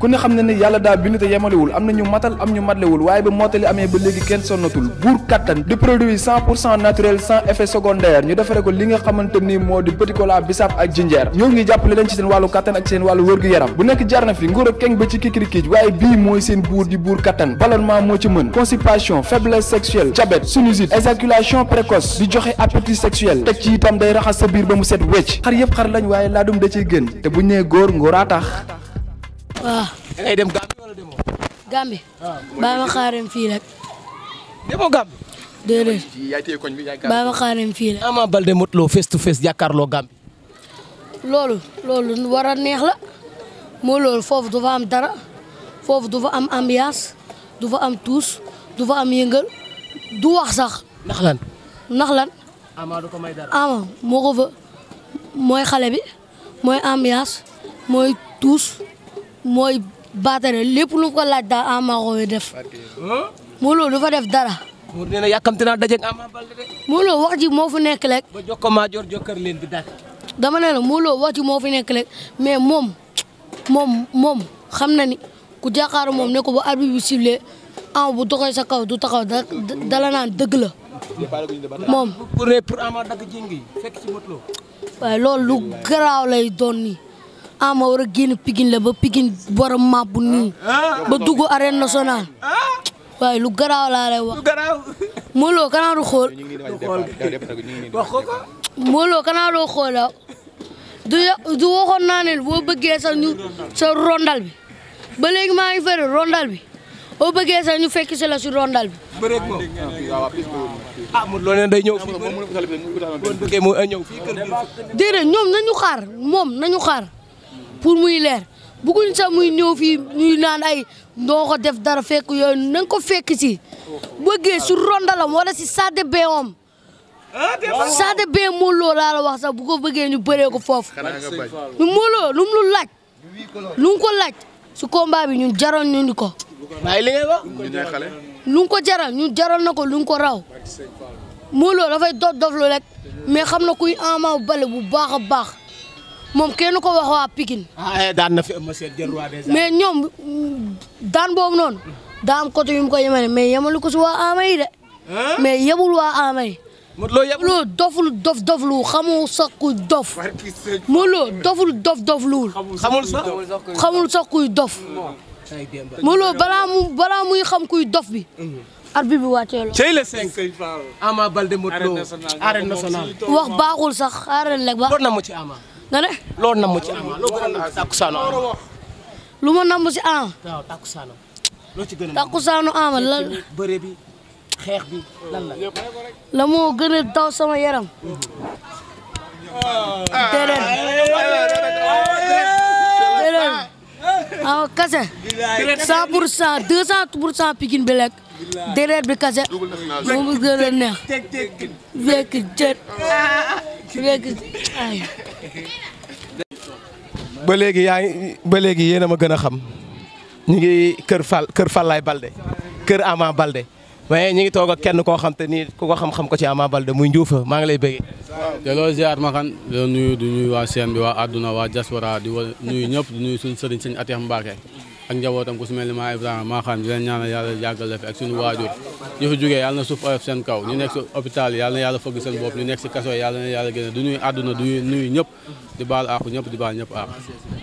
ku ne xam na ne yàlla daal bind te yemalewul am na ñu matal am ñu matlewul waaye ba mottali amee ba léegi kenn sonnatul buur kattan di produit naturel sans effet secondaire ñu defare ko li nga xamante ni moo di petit cola bisaab ak jinjeer ñoo ngi jàppale leen ci seen wàllu kattan ak seen wàllu wërgu yaram bu nekk jarna fi nguur ak keng ba ci kikirikiij waaye bii mooy seen buur di buur kattan ballonnement moo ci mën constipation faiblesse sexuelle diabète sinusite éjaculation précoce di joxe appétit sexuel ci itam day raxas sa biir ba mu set wecc xar yëpp xar lañ waaw. da dem Gambie wala demoo. Gambie. baa ah, ma xaaram fii rek. demoo Gambie. déedéet. baa ma xaaram fii rek. Ama Baldé Modou Lo face to face jàkkaarloo loolu loolu lu war a neex la moo loolu foofu du fa am dara foofu du fa am ambiance du fa am tuus du fa am yëngal du wax sax. ndax lan. ndax lan. Ama du ko may dara Ama moo ko mooy xale bi mooy ambiance mooy tuus. mooy baata lépp lu mu ko laaj daal Ama Baldé def Modou Lo fa def dara. Mour nee na yàkkamti naa dajeeg Ama Baldé de. Modou nekk rek. ba jokkoo maa jor jokkar dama ne la Modou Lo wax moo fi nekk rek mais moom moom moom xam na ni ku jàkkaaroo moom ne ko ba arbitre bi Ama bu doxee sa kaw du taxaw da dala naan dëgg la. moom. pour pour dagg jéng yi lu garaaw lay doon nii. ama war a génn Pikine la ba Pikine borom màbb nii ba dugg arène nationale waaye lu garaaw laa lay wax. xool. wax ko ko. Mawlo doo xool du du waxoon naa ne boo bëggee sax ñu sa rondal bi ba léegi maa ngi fële rondal bi boo bëggee sax ñu fekk si la rondal bi. bëreeg moom ah mu loo leen day ñëw fii bëri. déedéet ñoom ñu xaar moom nañu xaar. pour muy leer bëgguñ sax muy ñëw fii ñuy naan ay ndoo ko def dara fekk yooyu nañ ko fekk si bëggee su rondalam wala si sade beewam sade bee mooloo laa la wax sax bu ko bëggee nu bëree ko foofu ñu mooloo lu mu lu laaj lu ko laaj su combat bi ñun jaroon ñu ni ko lu ko jaral ñun jaral na ko lu ko raw mooloo dafay dof dof lu rek mais xam na kuy Ama bale bu baax a baax moom kenn ko wax waa Pikine. ah eh, daan na fi Eumeu Sène mais ñoom daan boobu noonu daa am côté mu ko yemale mais yemalu ko si waa Ama de. mais yemul waa Ama yi. Modou Lo yemul doful dof dof lu xamul sax kuy dof. Modou Lo doful dof dof luul. xamul sax xamul sax kuy dof. Modou Lo balaa muy xam kuy dof bi. Mhm. arbitre bi wàccee la. le 5. Ama Baldé Modou Lo arène nationale. baaxul sax arène la ba. na mu ci Ama. nga ne. loo namm ci ama loo gën a ma namm ci ama. waaw takkusaanu. loo ci gën a takkusaanu ama lan la. bëre bi moo gën a daw sama yaram. déedéet. déedéet. ama kase. 100 pour cent 200 pour cent Pikine bi lekk. bi kase. moom gën a neex. fekk jët ba léegi yaa ngi ba léegi yéen a ma gën a xam ñu ngi kër Fall kër Fallaye Balde kër amaa Balde waaye ñu ngi toog ak kenn koo xam te ni ku ko xam-xam ko ci Ama Balde muy Ndioufa maa ngi lay bëggee. te loolu ziar ma kan nuyu du nuyu waa seen bi waa àdduna waa diaspora di nuyu ñëpp di nuyu suñu sëriñ sëñ Atiya Mbacke ak njabootam ku si mel ni maa Ibrahima maa xam di leen ñaanal yàlla la fi ak suñu waajur ñu fi jógee yàlla na suuf oyof seen kaw ñu nekk si hôpital yàlla na yàlla fëgg seen bopp ñu nekk si kaso yàlla na yàlla génne du ñuy àdduna du ñuy ñëpp di baal àqu ñëpp di baal ñëpp àqu.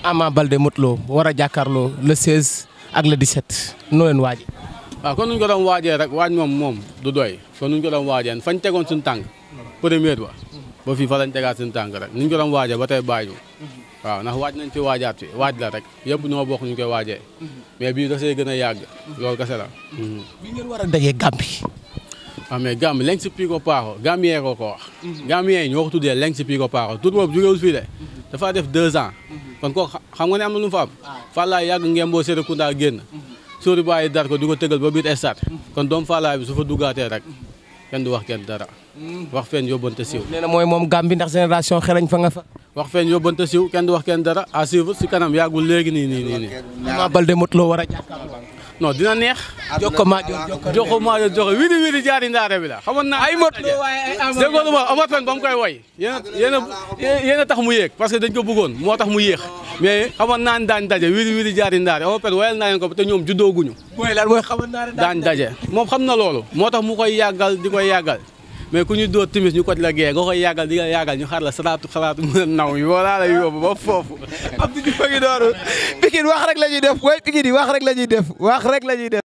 Ama Baldé Modou war a jàkkaarloo le 16 ak le 17 noo leen waaj. waaw kon nuñ ko waajee rek waaj moom moom du doy kon nuñ ko doon waajee fañ fa lañ tegaat suñu tànk rek waaw ndax waaj nañ fi waajaat fi waaj la rek yëpp ñoo bokk ñu ko waajee mhm. mais bii da see gën a yàgg loolu kese la mhm. Mhm. bi ngeen war a dajee Gambie waaw mais Gambie leng si piiko paaxo Gambien ko ko wax Gambien tuddee leng si piiko paaxo tur boobu jógewul fii de dafa def deux ans kon ko xam nga ne am na lu mu fa am ah. Fallaye yàgg ngemboo Serekunda génn sóori bàyyi dar ko di ko tëgal ba biir stade kon doom Fallaye bi su fa duggaatee rek kenn du wax kenn dara wax fenn yóbbante siiw nee na mooy moom Gambie ndax génération wax feeñ yóbbante siw kenn du wax kenn dara à suivre si kanam yàggul léegi nii nii nii nii. Ama Baldé Modou Lô war a jàkkaarloo. non dina neex. jokko maa jokko maa jokko wiri wiri jaari ndaare bi la xamoon naa. ay Modou Lô waaye ay Ama déggoo lu ma Omar Pène ba mu koy woy yéen a yéen a tax mu yéeg parce que dañ ko bëggoon moo tax mu yéex mais xamoon naa ne daañu daje wiri wiri jaari ndaare Omar Pène woyal naa leen ko te ñoom juddooguñu. mooy lan mooy xamoon naa ne daañu daje moom xam na loolu. moo tax mu koy yàggal di koy yàggal mais ku ñu dóor timis ñu koj la gee nga koy yàggal di nga yàggal ñu xar la salaatu xalaatu mën a naw yi wala la yóbbu ba foofu am di ñu fa ngi dooru Pikine rek la ñuy def way Pikine yi wax rek la ñuy def wax rek la ñuy def